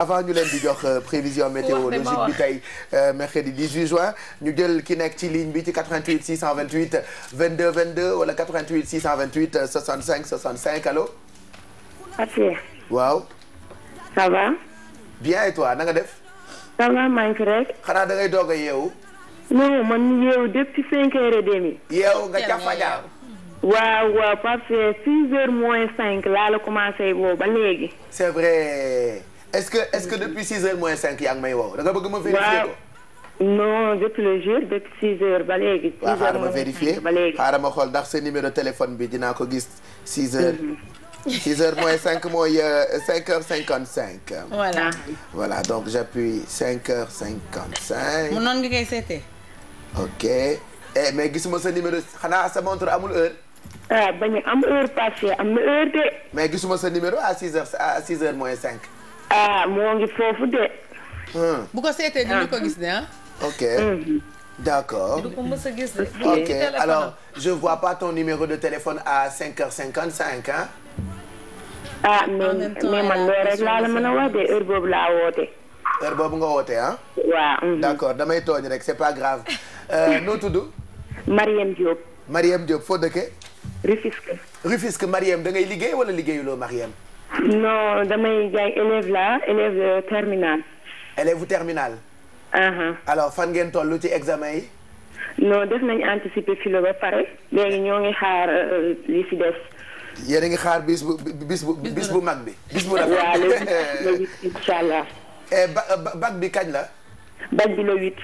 avant ñu leen di jox euh, prévision météorologique bi tey euh, mercredi 18 juin ñu jël ki nekk ci ligne bi ci 88 628 22 22 wala 88 628 65 65 allo. Fatia. waaw. ça va. bien et toi na nga def. ça va maa ngi rek. xanaa da ngay doog a yeewu. non man yeewu depuis 5 heures et demi. yeewu nga jàppandaa. waaw waaw Fatia 6 heures la commencé boobu ba léegi. c'est vrai. est-ce que est-ce que depuis 6 heures moins 5 yaa ngi may woo da nga bëgg ma ko. non depuis le jour depuis 6 heures ba léegi. 6 heures waaw xaaral ma vérifier xaaral ma xool ndax sa numéro téléphone bi dinaa ko gis 6 heures. 6 mhm. heures moins 5 mooy euh, cinq heures 55. voilà. voilà donc cinq 5 heures 55. mu eh, gisuma sa numéro xanaa sa montre ah, gisuma sa numéro à 6 à 6 heures moins 5. ah moo ngi foofu de. Hmm. bu ko seetee dina gis ne ah. ok. Hmm. D'accord. OK. Alors, je vois pas ton numéro de téléphone à 5h55 hein? Ah, mais mais man loolu rek laa la mën a wax de heure boobu laa woote. Heure boobu nga woote ah? Waaw. Mhm. D'accord, damay tooñ rek, c'est pas grave. Euh noo tudd? Mariem Diop. Mariem Diop foo dëkkee? Rufisque. Rufisque Mariem da ngay liggéey wala liggéeyuloo Mariem? non damay jaay élève la élève euh, terminale. élève terminale. Uh-huh. alors fan ngeen toll ci examen yi. non def nañ anticiper philo ba pare léegi ñoo ngi xaar euh, li si des. ngi xaar bis bu bis bu mag bi. bis bu rafet waaw léegi incha allah. bi kañ la. bac bi le huit.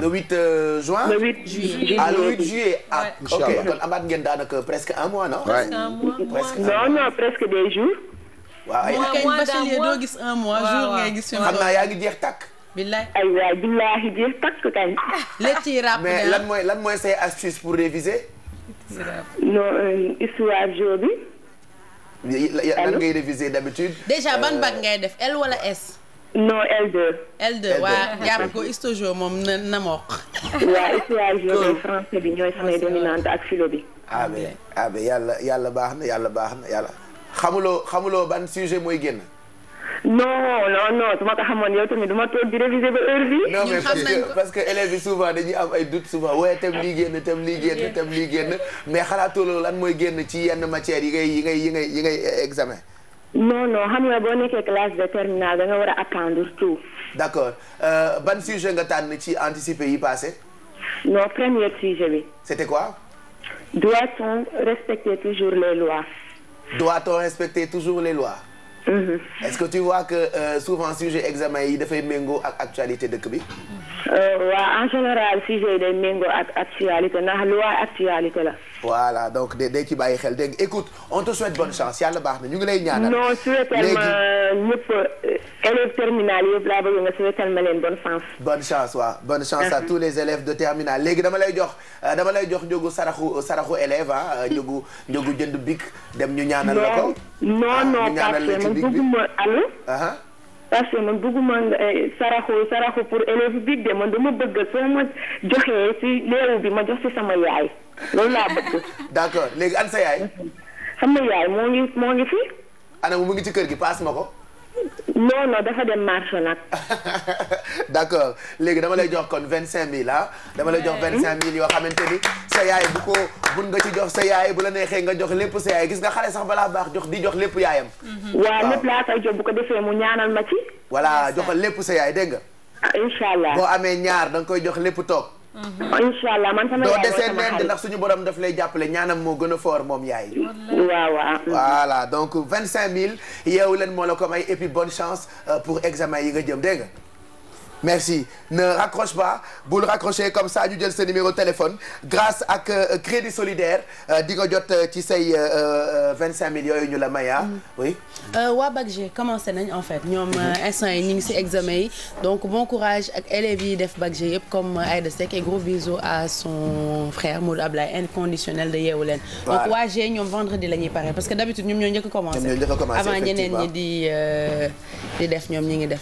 le huit euh, juin le huit juillet ah le huit juillet ah ok kon amaat ngeen daanaka presque un mois non. non presque des jours. waaw ay bachelier doo gis un mois jour ngay gis. xam naa yaa ngi jeex tàkk. billaay ay waay billaay jeex tàkk kay. lépp ci rap mais lan mooy lan mooy say pour réviser. non euh, histoire jo bi. lan ngay réviser d'habitude. déjà ban euh, bac ngay def L wala S. non L2. L2 waaw jàpp ko histo-géo moom na na mokk. waaw histo-géo bi français bi ñooy samay ak philo bi. ah mais ah mais yàlla yàlla baax na yàlla baax na yàlla. xamuloo xamuloo ban sujet mooy génn. non non non su ma ko xamoon yow tamit du ma toog di réviser ba heure bi non mais parce que parce que élèves yi souvent dañuy am ay doute souvent waaye tam lii génn tam lii génn tam lii génn mais xalaatuloo lan mooy génn ci yenn matières yi ngay yi ngay yi ngay yi ngay eh, examen. non non xam nga boo nekkee classe de terminale da nga war a attendre tout. d'accord euh, ban sujet nga tànn ci anticiper yi passé. non premier sujet bi. c'était quoi. doit-on respecter toujours les doit-on respecter toujours les lois mm-hmm. est-ce que tu vois euh, souvent sujet examen yi dafay méngoo ak actualité dëkk bi Euh, waaw en général sujet yi day méngoo ak actualité ndax lu actualité la. voilà donc de day ci bàyyi xel dégg écoute on te souhaite bonne chance yàlla baax na ñu ngi lay ñaanal. non souhaital ma euh, ñëpp euh, élèves leen bonne chance. bonne chance waaw bonne chance à tous les élèves de léegi dama lay jox dama lay jox njógu saraxu saraxu élève ah njógu jënd bic dem ñu ñaanal la ko. non non ah, parce que parce que man bëgguma eh, saraxu saraxu pour élève bi de man dama bëgg soo ma joxee ci léew bi ma jox ci sama yaay loolu laa bëgg. d'accord léegi an sa yaay. sama yaay moo ngi moo ngi fi. ana mu ngi ci kër gi paas ma ko. non non dafa dem marché nag. d' accord léegi dama lay jox kon vingt cinq mille ah. dama lay jox vingt cinq mille yoo xamante ni sa yaay bu ko bun nga ci jox sa yaay bu la neexee nga jox lépp sa yaay gis nga xale sax balaa baax jox di jox lépp yaayam. Mm-hmm. waaw lépp laa koy jox bu ko defee mu ñaanal ma ci. voilà joxal lépp sa yaay dégg nga. Ah, incha allah boo amee ñaar da koy jox lépp toog. Mm-hmm. incha allah man sama yaay doo ndax suñu borom daf lay jàppale ñaanam moo gën a foor moom yaay. waaw waaw. Mm-hmm. vingt donc 25000 yeewu leen moo la ko may et puis bonne chance euh, pour examen yi nga jëm dégg nga. merci ne raccroche pas bul raccrocher comme ça ñu jël sa numéro téléphone grâce ak euh, crédit solidaire euh, di nga jot euh, ci say 25 000 yooyu ñu la maya mm. oui. bag BACG commencé nañ en fait ñoom mm-hmm. instant yi ñu ngi si examen yi donc bon courage ak élèves yi def BACG yëpp comme Aïda sec et gros bisous à son frère Modou Ablaye inconditionnel de Yeewu Leen. donc waa G ñoom vendredi la ñuy pare parce que d'habitude ñoom ñoo njëkk a commencé. ñoom ñoo njëkk a commencé avant ñeneen ñi di di def ñoom ñi ngi def.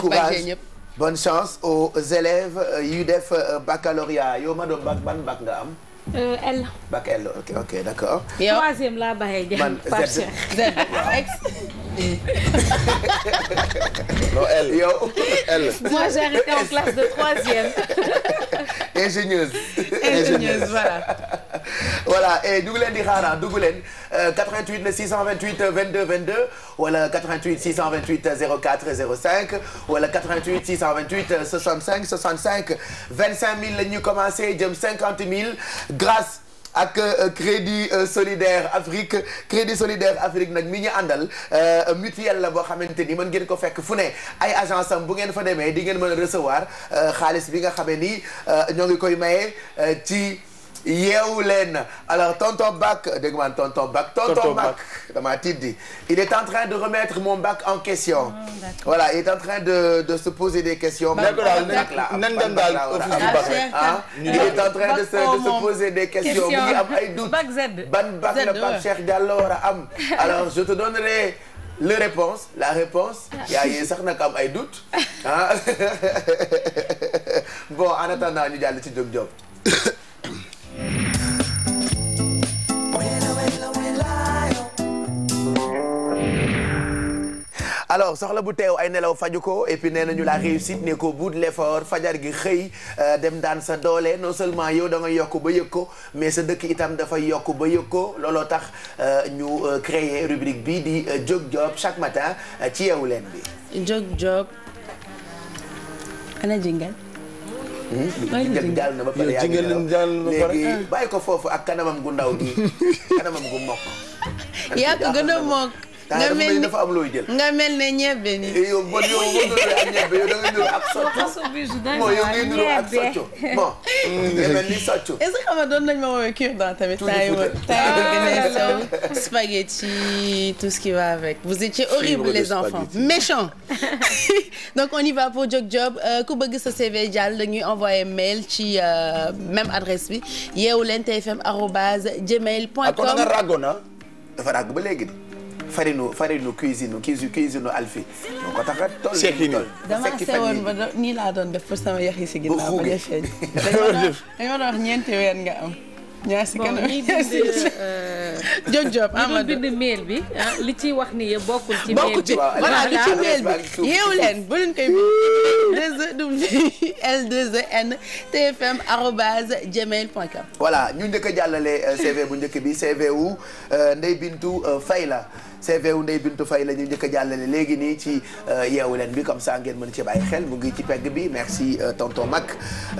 courage bonne chance aux élèves euh, yu def euh, baccalauréat yow ma doon bac ban bac nga am. Euh, L. bac L ok ok d' accord. yow troisième laa bàyyee jàng par Z non L yow L. moi j' arrêté en classe de troisième. ingénieuse. ingénieuse voilà. voilà et dugg leen di xaara dugg leen 88 628 22 22 wala 88 628 04 05 wala 88 628 65 65 25000 la ñuy commencé jëm 50000 grâce. ak euh, Crédit euh, Solidaire Afrique Crédit Solidaire Afrique nag mi ñu àndal euh, mutuelle la boo xamante ni mën ngeen ko fekk fu ne ay agence am bu ngeen fa demee di ngeen mën a recevoir xaalis bi nga xamee ni ñoo ngi koy maye ci. yeewu leen alors tonton Bac dégg man tonton Bac tonton Bac dama tiddi il est en train de remettre mon bac en question ah, voilà il est en train de se poser des questions même bac la ah, ah, il est de se de oh, se poser am ay doute ban bac la Pape Cheikh Diallo war a am alors je te donnerai le réponse la réponse yaa yee sax nag am ay doute ah bon en alors soxla bu teew ay nelaw faju ko et puis na ñu la réussite ne ko bout de l'effort fajar gi xëy euh, dem daan sa doole non seulement yow da nga yokk ba yëg ko mais sa dëkk itam dafay yokk ba yëg ko looloo tax euh, ñu euh, créer rubrique bi di jóg job chaque matin ci yeewu leen bi. jóg job ana hmm? jingal jàll na ba pare yaa bàyyi ko foofu ak kanamam gu ndaw gi kanamam gu mokk. yaa ko gën a mokk. nga mel ni dafa am looy jël. nga mel ne ñebe ni eh, yow bon yow boo doonee ak ñebe yow da nga niroo ak socco. bon yow ngay niroo ak socco bon. nga mel ni socco. est-ce que xam nga doon nañ ma woowee cure-dent tamit. taay ma taay ma gën a sew. spaghetti tout ce qui va avec. vous étiez horribles les enfants méchants. donc on y va pour Jok Job euh, ku bëgg sa CV jàll dañuy envoyer mail ci euh, même adresse bi yeewuleen tfm arobase gmail point com. ah kon nga ràggoon ah? dafa ràgg ba léegi. farinu farinu cuisine cuisine cuisine Alfi. moo ko tax a toll sekki nii dama sewoon ba nii laa doon def pour sama yax yi si ginnaaw ba defee dañoo doon wax ñeenti weer nga am. ñaar si kanam Diop euh, Diop Amadou bind mail bi ah, li ci wax ni yëpp bokkul ci mail bi voilà li ci mail bi yeewu leen bu leen koy L2EN TFM arobase gmail point com voilà ñu njëkk a jàllale euh, CV bu njëkk bi CV wu euh, Ndeye Bintu Faye la CV wu Ndeye Bintu la ñu njëkk a jàllale léegi nii ci euh, yeewu leen bi comme ça ngeen mën ci bàyyi xel mu ngi ci pegg bi merci euh, tonton Mac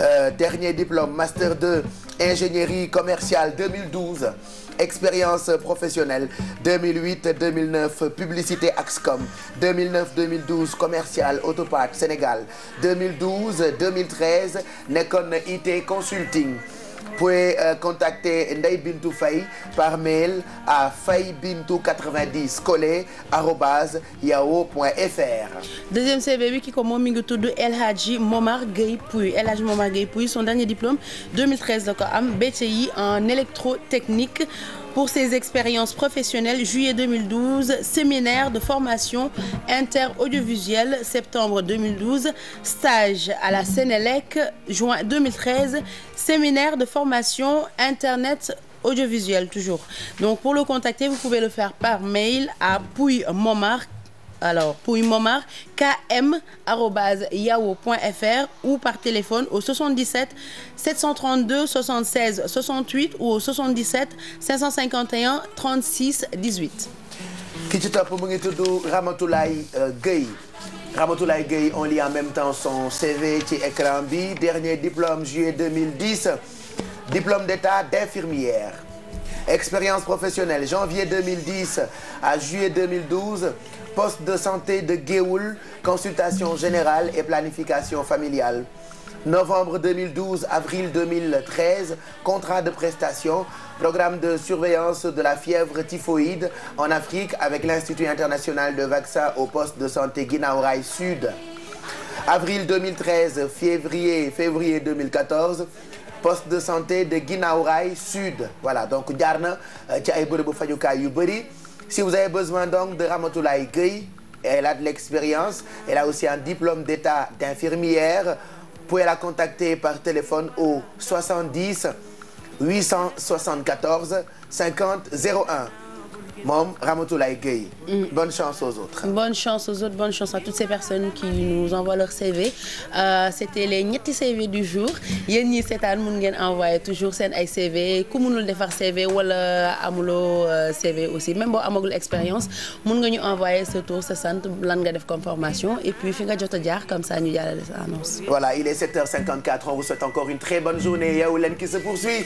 euh, dernier diplôme master 2 ingénierie commerciale 2012 expérience professionnelle 2008 2009 publicité Axcom 2009 2012 commercial Autopart Sénégal 2012 2013 nekkoon IT consulting. pouvez euh, contacter Ndeye Bintou Faye par mail à faybintou90collé@yahoo.fr. deuxième CV bi ki ko moom mi ngi tudd El Hadji Momar Gueye Pouy El Hadji Momar Gueye Pouy son dernier diplôme 2013 la ko am BTI en électrotechnique. pour ses expériences professionnelles juillet 2012 séminaire de formation interaudiovisuelle septembre 2012 stage à la Sénélec juin 2013 séminaire de formation internet audiovisuel toujours donc pour le contacter vous pouvez le faire par mail à pouy momar alors pour Momar km arobase yahoo point fr ou par téléphone au 77 732 76 68 ou au 77 551 36 18. ki ci topp mu ngi tudd Ramatoulaye euh, Gueye Ramatoulaye Gueye on lit en même temps son ci écran bi dernier diplôme juillet 2010 diplôme d'état d'infirmière expérience professionnelle janvier 2010 à juillet 2012 poste de santé de Guéoul consultation générale et planification familiale novembre 2012 avril 2013 contrat de prestation programme de surveillance de la fièvre typhoïde en Afrique avec l'Institut international de vaccins au poste de santé Guinaw Rail Sud avril 2013 février février 2014 poste de santé de Guinaw Rail Sud voilà donc jaar na euh, ci ay bërëbu fajukaay yu bëri Si vous avez donc de Ramatoulaye Gueye, elle a de l'expérience, elle a aussi un diplôme d'état d'infirmière. Vous pouvez la contacter par téléphone au 70 874 50 01. moom la Gueye. Mm. bonne chance aux autres. bonne chance aux autres bonne chance à toutes ces personnes qui nous envoient leur CV euh, c'était les ñetti CV du jour yéen ñi seetaan mun ngeen envoyer toujours seen ay CV ku munul defar CV wala amuloo euh, CV aussi même boo amagul expérience mun nga ñu envoyer sa tour sa sant lan nga def comme formation et puis fi nga jot a jaar sa annonce. voilà il est 7h54 on vous souhaite encore une très bonne journée Yeewu qui se poursuit